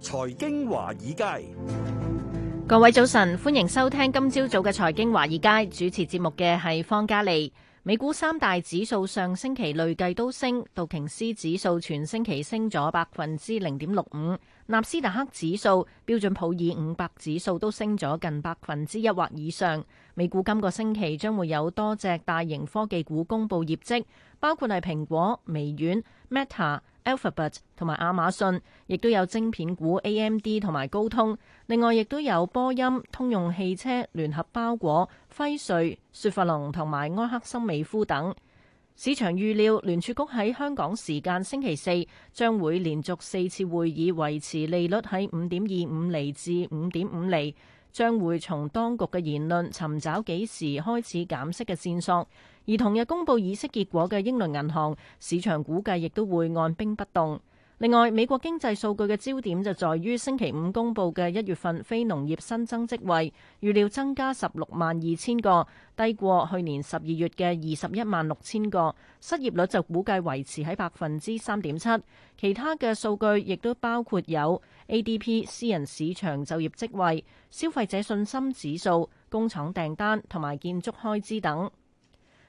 財經華爾街，各位早晨，歡迎收聽今朝早嘅財經華爾街。主持節目嘅係方嘉利。美股三大指數上星期累計都升，道瓊斯指數全星期升咗百分之零點六五，納斯達克指數、標準普爾五百指數都升咗近百分之一或以上。美股今個星期將會有多隻大型科技股公布業績，包括係蘋果、微軟、Meta。Alphabet 同埋亞馬遜，亦都有晶片股 AMD 同埋高通，另外亦都有波音、通用汽車、聯合包裹、輝瑞、雪佛龍同埋埃克森美孚等。市場預料聯儲局喺香港時間星期四將會連續四次會議維持利率喺五點二五厘至五點五厘。將會從當局嘅言論尋找幾時開始減息嘅線索，而同日公佈議息結果嘅英倫銀行市場估計亦都會按兵不動。另外，美國經濟數據嘅焦點就在於星期五公佈嘅一月份非農業新增職位，預料增加十六萬二千個，低過去年十二月嘅二十一萬六千個。失業率就估計維持喺百分之三點七。其他嘅數據亦都包括有 ADP 私人市場就業職位、消費者信心指數、工廠訂單同埋建築開支等。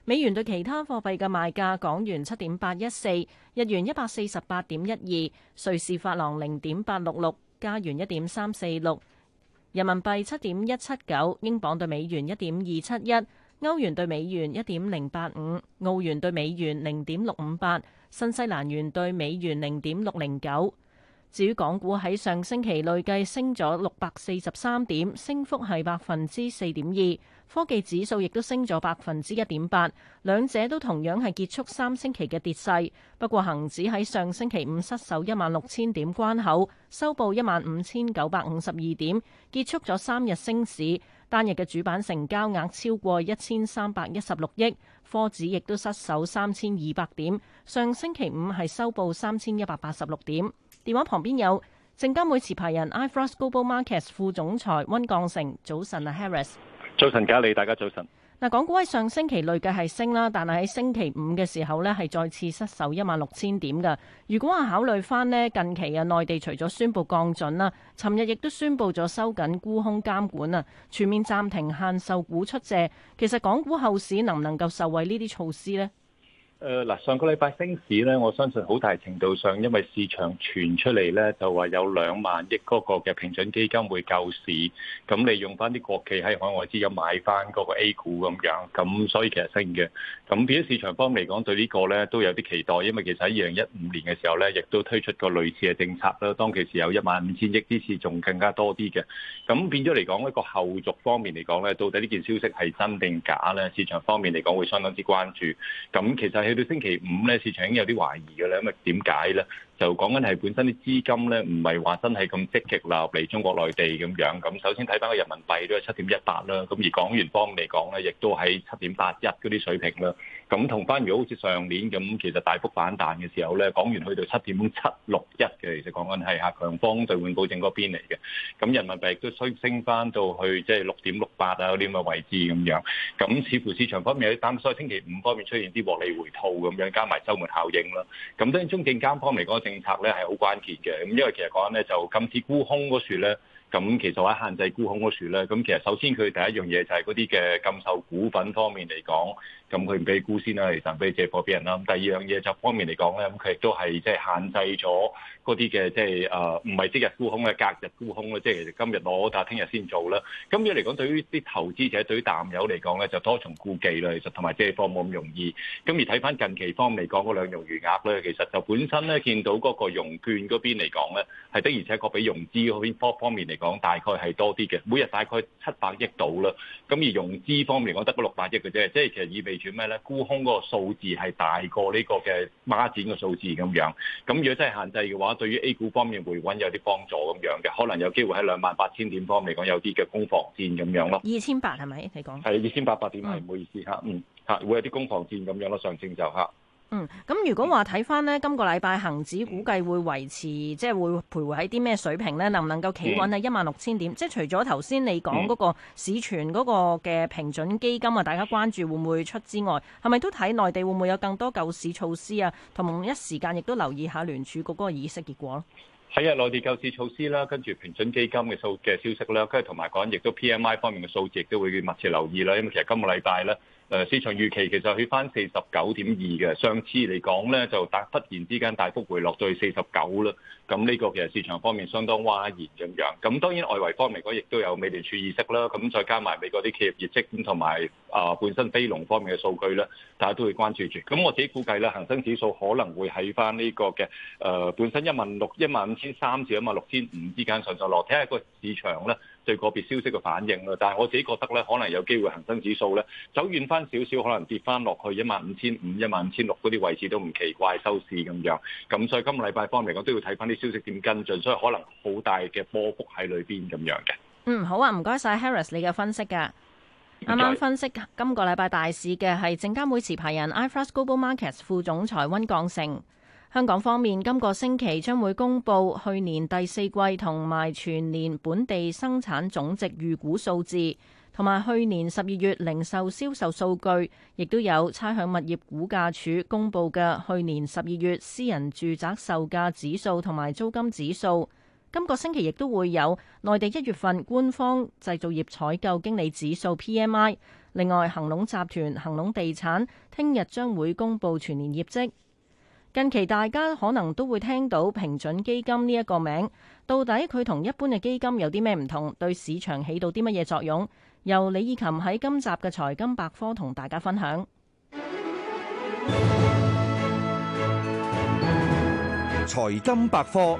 美元對其他貨幣嘅賣價：港元七點八一四，日元一百四十八點一二，瑞士法郎零點八六六，加元一點三四六，人民幣七點一七九，英鎊對美元一點二七一，歐元對美元一點零八五，澳元對美元零點六五八，新西蘭元對美元零點六零九。至於港股喺上星期累計升咗六百四十三點，升幅係百分之四點二。科技指數亦都升咗百分之一點八，兩者都同樣係結束三星期嘅跌勢。不過，恒指喺上星期五失守一萬六千點關口，收報一萬五千九百五十二點，結束咗三日升市。單日嘅主板成交額超過一千三百一十六億。科指亦都失守三千二百點，上星期五係收報三千一百八十六點。電話旁邊有證監會持牌人 i Frost Global Markets 副總裁溫鋼成，早晨啊，Harris，早晨嘉你，大家早晨。嗱，港股喺上星期累計係升啦，但係喺星期五嘅時候呢，係再次失守一萬六千點㗎。如果話考慮返呢，近期啊，內地除咗宣佈降準啦，尋日亦都宣佈咗收緊沽空監管啊，全面暫停限售股出借。其實港股後市能唔能夠受惠呢啲措施呢？誒嗱，上個禮拜升市咧，我相信好大程度上，因為市場傳出嚟咧，就話有兩萬億嗰個嘅平準基金會救市，咁你用翻啲國企喺海外資金買翻嗰個 A 股咁樣，咁所以其實升嘅。咁變咗市場方嚟講對個呢個咧都有啲期待，因為其實喺二零一五年嘅時候咧，亦都推出過類似嘅政策啦。當其時有一萬五千億之次，仲更加多啲嘅。咁變咗嚟講，呢、呢個後續方面嚟講咧，到底呢件消息係真定假咧？市場方面嚟講會相當之關注。咁其實係。去到星期五咧，市場已經有啲懷疑嘅咧，咁啊點解咧？就講緊係本身啲資金咧，唔係話真係咁積極流入嚟中國內地咁樣。咁首先睇翻個人民幣都係七點一八啦，咁而港元方嚟講咧，亦都喺七點八一嗰啲水平啦。咁同翻如果好似上年咁，其實大幅反彈嘅時候咧，港元去到七點七六一嘅，其實講緊係嚇強方兌換保證嗰邊嚟嘅。咁人民幣亦都推升翻到去即係六點六八啊嗰啲咁嘅位置咁樣。咁似乎市場方面有啲擔心，所以星期五方面出現啲獲利回吐咁樣，加埋週末效應啦。咁當然中證監方嚟講，正政策咧係好關鍵嘅，咁因為其實講緊咧就禁止沽空嗰處咧，咁其實喺限制沽空嗰處咧，咁其實首先佢第一樣嘢就係嗰啲嘅禁售股份方面嚟講，咁佢唔俾沽先啦，其實唔俾借貨俾人啦。咁第二樣嘢就方面嚟講咧，咁佢亦都係即係限制咗嗰啲嘅即係誒唔係即日沽空咧，隔日沽空啦，即係其實今日攞但係聽日先做啦。咁樣嚟講，對於啲投資者對於淡友嚟講咧，就多重顧忌啦。其實同埋借貨冇咁容易。咁而睇翻近期方面嚟講嗰兩融餘額咧，其實就本身咧見到。嗰個融券嗰邊嚟講咧，係的，而且確比融資嗰邊方方面嚟講，大概係多啲嘅，每日大概七百億度啦。咁而融資方面嚟講，得嗰六百億嘅啫，即係其實意味住咩咧？沽空嗰個數字係大過呢個嘅孖展嘅數字咁樣。咁如果真係限制嘅話，對於 A 股方面回穩有啲幫助咁樣嘅，可能有機會喺兩萬八千點方面嚟講有啲嘅攻防戰咁樣咯。二千八係咪你講？係二千八百點係唔好意思嚇，嗯嚇，會有啲攻防戰咁樣咯，上證就嚇。嗯，咁如果話睇翻呢，今個禮拜恒指估計會維持，嗯、即係會徘徊喺啲咩水平呢？能唔能夠企穩喺一萬六千點？即係除咗頭先你講嗰個市存嗰個嘅平準基金啊，嗯、大家關注會唔會出之外，係咪都睇內地會唔會有更多救市措施啊？同埋一時間亦都留意下聯儲局嗰個議息結果咯。係啊，內地救市措施啦，跟住平準基金嘅數嘅消息啦，跟住同埋講，亦都 PMI 方面嘅數字亦都會密切留意啦。因為其實今個禮拜咧。誒，市場預期其實去翻四十九點二嘅，上次嚟講咧就突忽然之間大幅回落到去四十九啦。咁呢個其實市場方面相當嘩然咁樣。咁當然外圍方面嚟講，亦都有美聯儲議息啦。咁再加埋美國啲企業業績，咁同埋啊本身非農方面嘅數據咧，大家都會關注住。咁我自己估計啦，恒生指數可能會喺翻呢個嘅誒、呃、本身一萬六一萬五千三至一萬六千五之間上上落，睇下個市場啦。對個別消息嘅反應咯，但係我自己覺得咧，可能有機會恒生指數咧走遠翻少少，可能跌翻落去一萬五千五、一萬五千六嗰啲位置都唔奇怪收市咁樣。咁所以今個禮拜方面嚟講，都要睇翻啲消息點跟進，所以可能好大嘅波幅喺裏邊咁樣嘅。嗯，好啊，唔該晒 Harris 你嘅分析㗎、啊。啱啱謝謝 分析今個禮拜大市嘅係證監會持牌人 iFirst Global Markets 副總裁温鋼盛。香港方面，今個星期將會公布去年第四季同埋全年本地生產總值預估數字，同埋去年十二月零售銷售數據，亦都有差餉物業估價署公布嘅去年十二月私人住宅售價指數同埋租金指數。今個星期亦都會有內地一月份官方製造業採購經理指數 PMI。另外，恒隆集團恒隆地產聽日將會公布全年業績。近期大家可能都會聽到平準基金呢一個名，到底佢同一般嘅基金有啲咩唔同？對市場起到啲乜嘢作用？由李以琴喺今集嘅財金百科同大家分享。財金百科。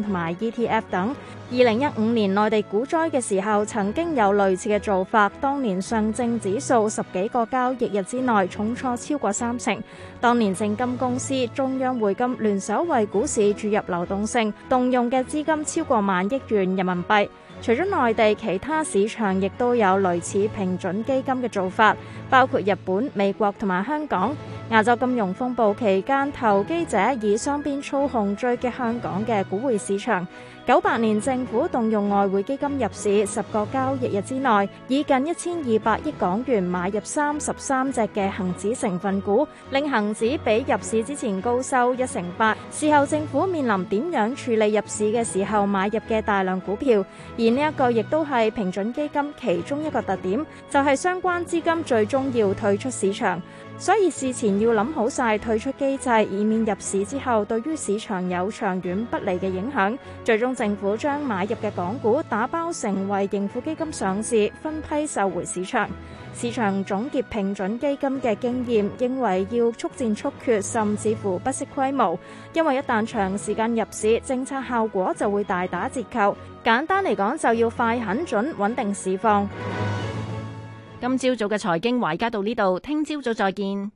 同埋 ETF 等，二零一五年內地股災嘅時候，曾經有類似嘅做法。當年上證指數十幾個交易日之內重挫超過三成。當年證金公司、中央匯金聯手為股市注入流動性，動用嘅資金超過萬億元人民幣。除咗內地，其他市場亦都有類似平準基金嘅做法，包括日本、美國同埋香港。亞洲金融風暴期間，投機者以雙邊操控追擊香港嘅股匯市場。九八年政府動用外匯基金入市十個交易日之內以近1200億港元買入33隻嘅恒指成分股令恒指比入市之前高收一成八事後政府面臨點樣處理入市嘅時候買入嘅大量股票而呢一個亦都係平準基金其中一個特點就係相關資金最終要退出市場所以事前要諗好晒退出機制以免入市之後對於市場有長遠不利嘅影響最終政府將買入嘅港股打包成為盈富基金上市，分批售回市場。市場總結平準基金嘅經驗，認為要速戰速決，甚至乎不惜規模，因為一旦長時間入市，政策效果就會大打折扣。簡單嚟講，就要快、狠、準、穩定市況。今朝早嘅財經華爾街到呢度，聽朝早再見。